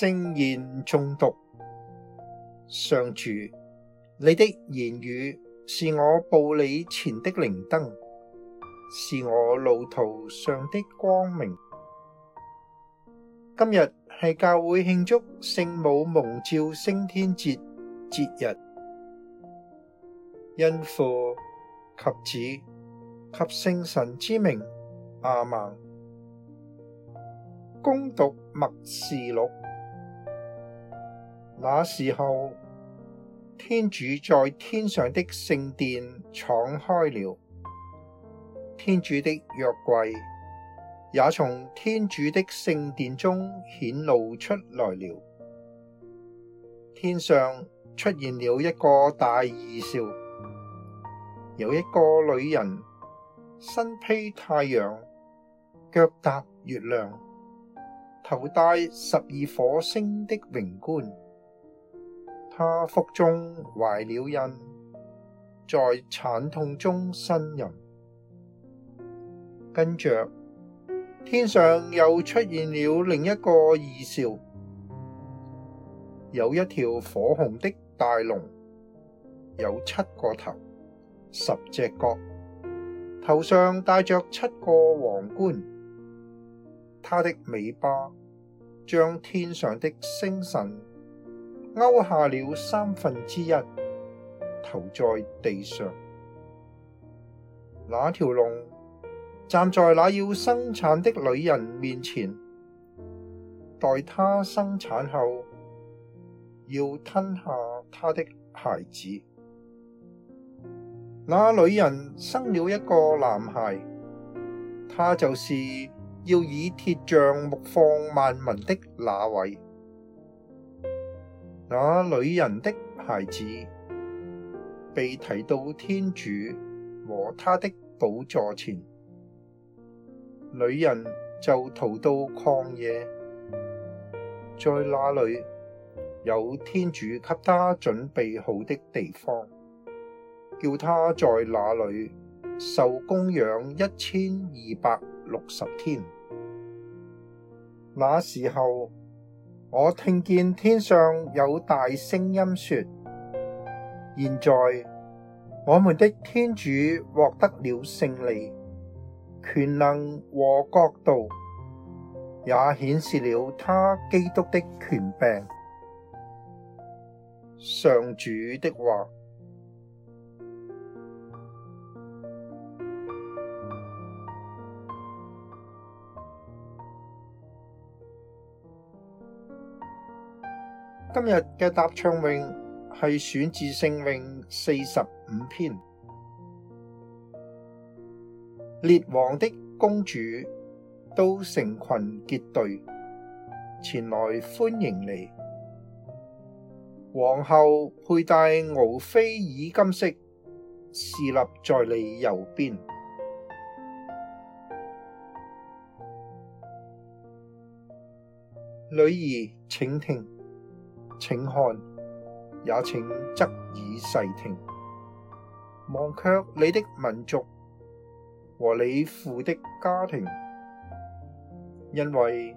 聖言誦讀。上主，你的言語是我步你前的靈燈，是我路途上的光明。今日係教會慶祝聖母蒙召升天節節日，因父及子及聖神之名阿們，恭讀默示錄。那時候，天主在天上的聖殿敞開了，天主的約櫃也從天主的聖殿中顯露出來了。天上出現了一個大異兆，有一個女人身披太陽，腳踏月亮，頭戴十二顆星的榮冠。他腹中懷了孕，在產痛中呻吟。跟着天上又出現了另一個異兆，有一條火紅的大龍，有七個頭、十隻角，頭上戴着七個王冠，它的尾巴將天上的星辰，勾下了三分之一，投在地上。那條龍站在那要生產的女人面前，待她生產後，要吞下她的孩子。那女人生了一個男孩，他就是要以鐵杖牧放萬民的那位。那女人的孩子，被提到天主和他的寶座前，女人就逃到曠野，在那裡有天主給她準備好的地方，叫她在那裡受供養一千二百六十天。那時候，我聽見天上有大聲音說：現在我們的天主獲得了勝利，權能和國度，也顯示了他基督的權柄。上主的話。今日嘅答唱詠係選自聖詠四十五篇，列王的公主都成群結隊前來歡迎你，皇后佩戴敖非爾金飾，侍立在你右邊，女兒請聽。請看，也請側耳細聽，忘卻你的民族和你父的家庭，因為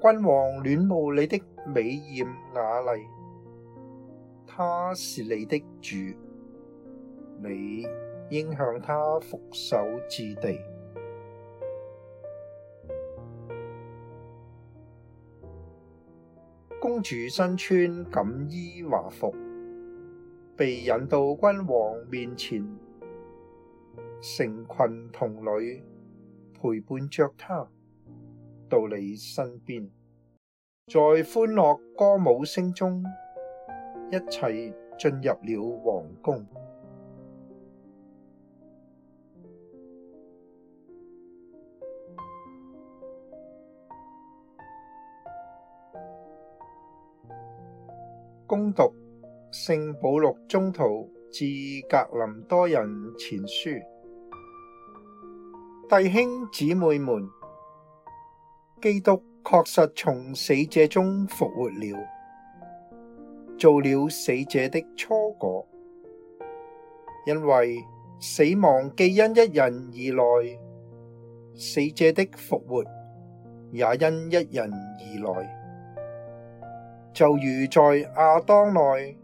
君王戀慕你的美艷雅麗，他是你的主，你應向他伏首至地。主身穿錦衣華服，被引到君王面前，成群童女陪伴着他，到你身邊，在歡樂歌舞聲中，一齊進入了王宮。恭讀聖保祿宗徒致格林多人前書，弟兄姊妹們，基督確實從死者中復活了，做了死者的初果，因為死亡既因一人而來，死者的復活也因一人而來。就如在亞當內，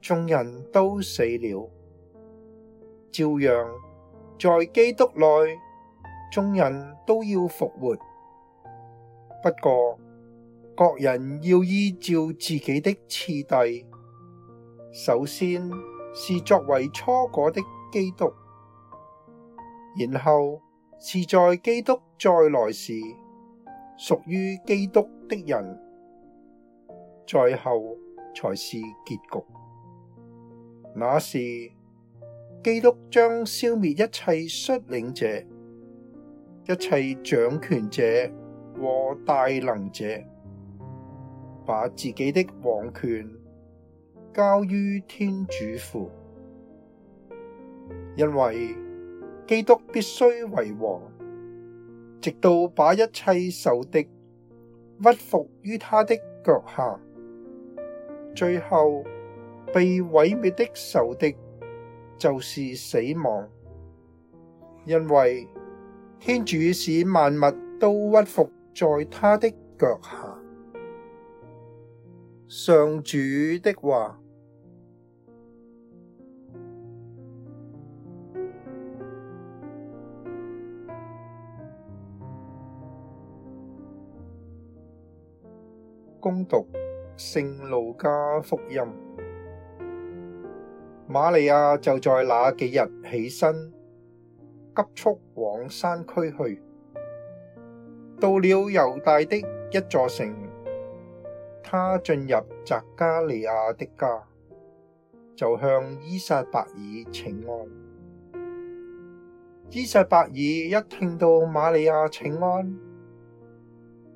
眾人都死了；照樣在基督內，眾人都要復活。不過，各人要依照自己的次第，首先是作為初果的基督，然後是在基督再來時，屬於基督的人。最後才是結局。那時，基督將消滅一切率領者、一切掌權者和大能者，把自己的王權交於天主父，因為基督必須為王，直到把一切仇敵屈服於他的腳下。最後被毀滅的仇敵就是死亡，因為天主使萬物都屈伏在他的腳下。上主的話，恭讀。聖路加福音，瑪利亞就在那幾日起身，急速往山區去，到了猶大的一座城，她進入匝加利亞的家，就向依撒伯爾請安。依撒伯爾一聽到瑪利亞請安，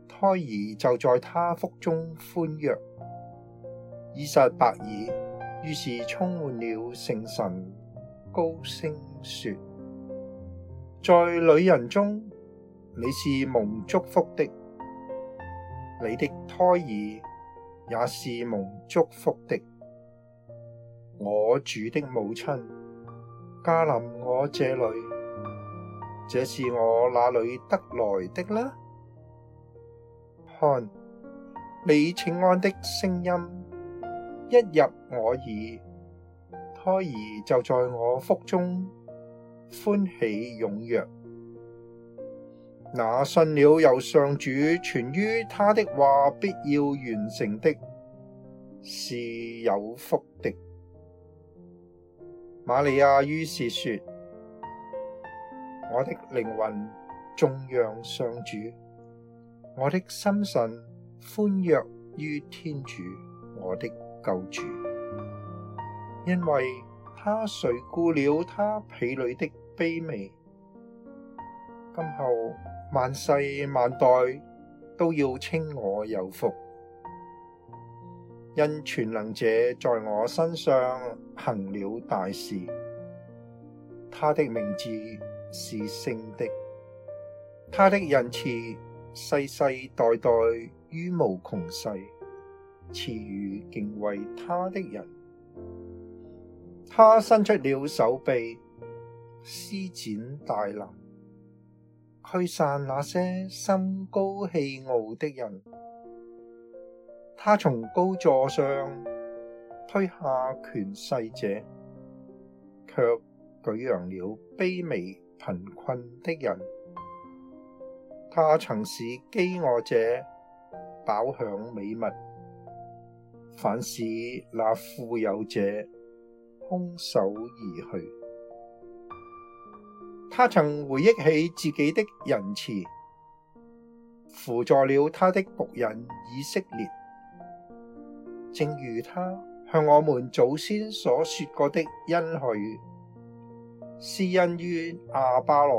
胎兒就在她腹中歡躍。依撒伯爾，於是充滿了聖神，高聲說：在女人中，你是蒙祝福的，你的胎兒也是蒙祝福的。我主的母親駕臨我這裡，這是我哪裡得來的呢？看，你請安的聲音。一入我耳，胎兒就在我腹中歡喜踴躍。那信了由上主傳於他的話，必要完成的，是有福的。瑪利亞於是說：我的靈魂頌揚上主，我的心神歡躍於天主，我的，救主，因為他垂顧了他婢女的卑微，今後萬世萬代都要稱我有福，因全能者在我身上行了大事，他的名字是聖的，他的仁慈世世代代於無窮世。賜予敬畏他的人，他伸出了手臂，施展大能，驅散那些心高氣傲的人。他從高座上推下權勢者，卻舉揚了卑微貧困的人。他曾使飢餓者飽享美物。反使那富有者，空手而去，他曾回憶起自己的仁慈，扶助了他的僕人以色列，正如他向我們祖先所說過的恩許，施恩於亞巴郎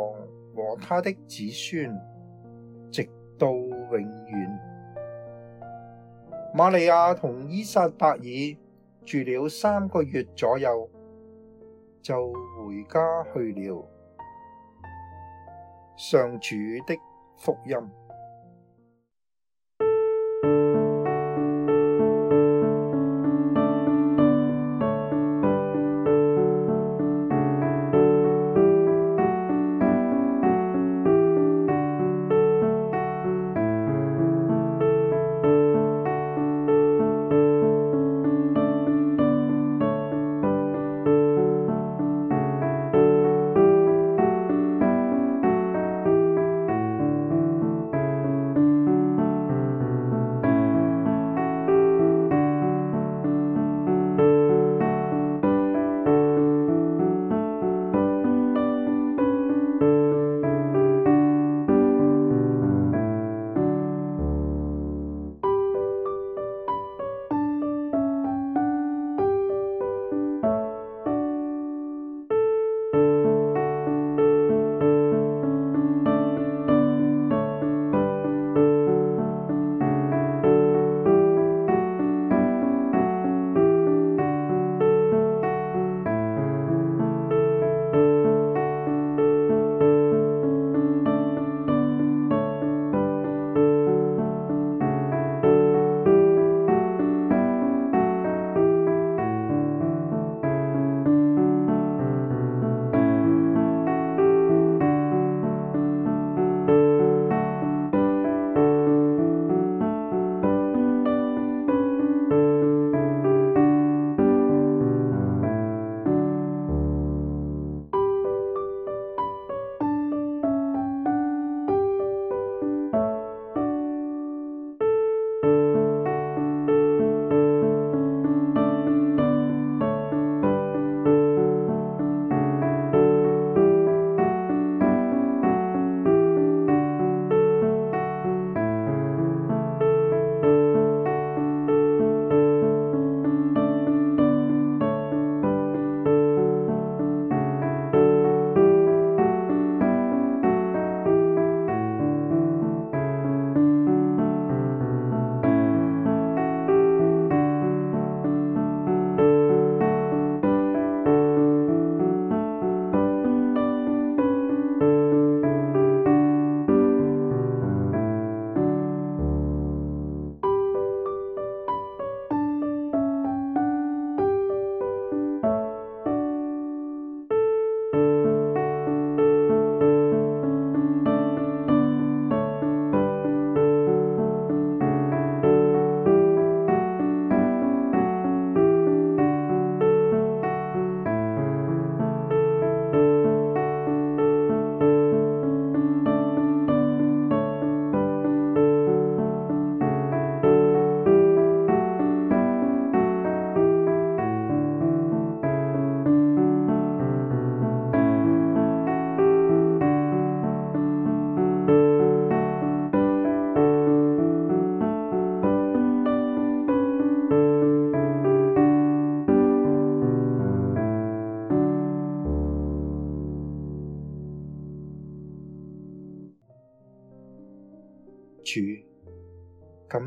和他的子孫，直到永遠。瑪利亞同依撒伯爾住了三個月左右，就回家去了。上主的福音。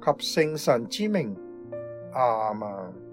及聖神之名，阿們。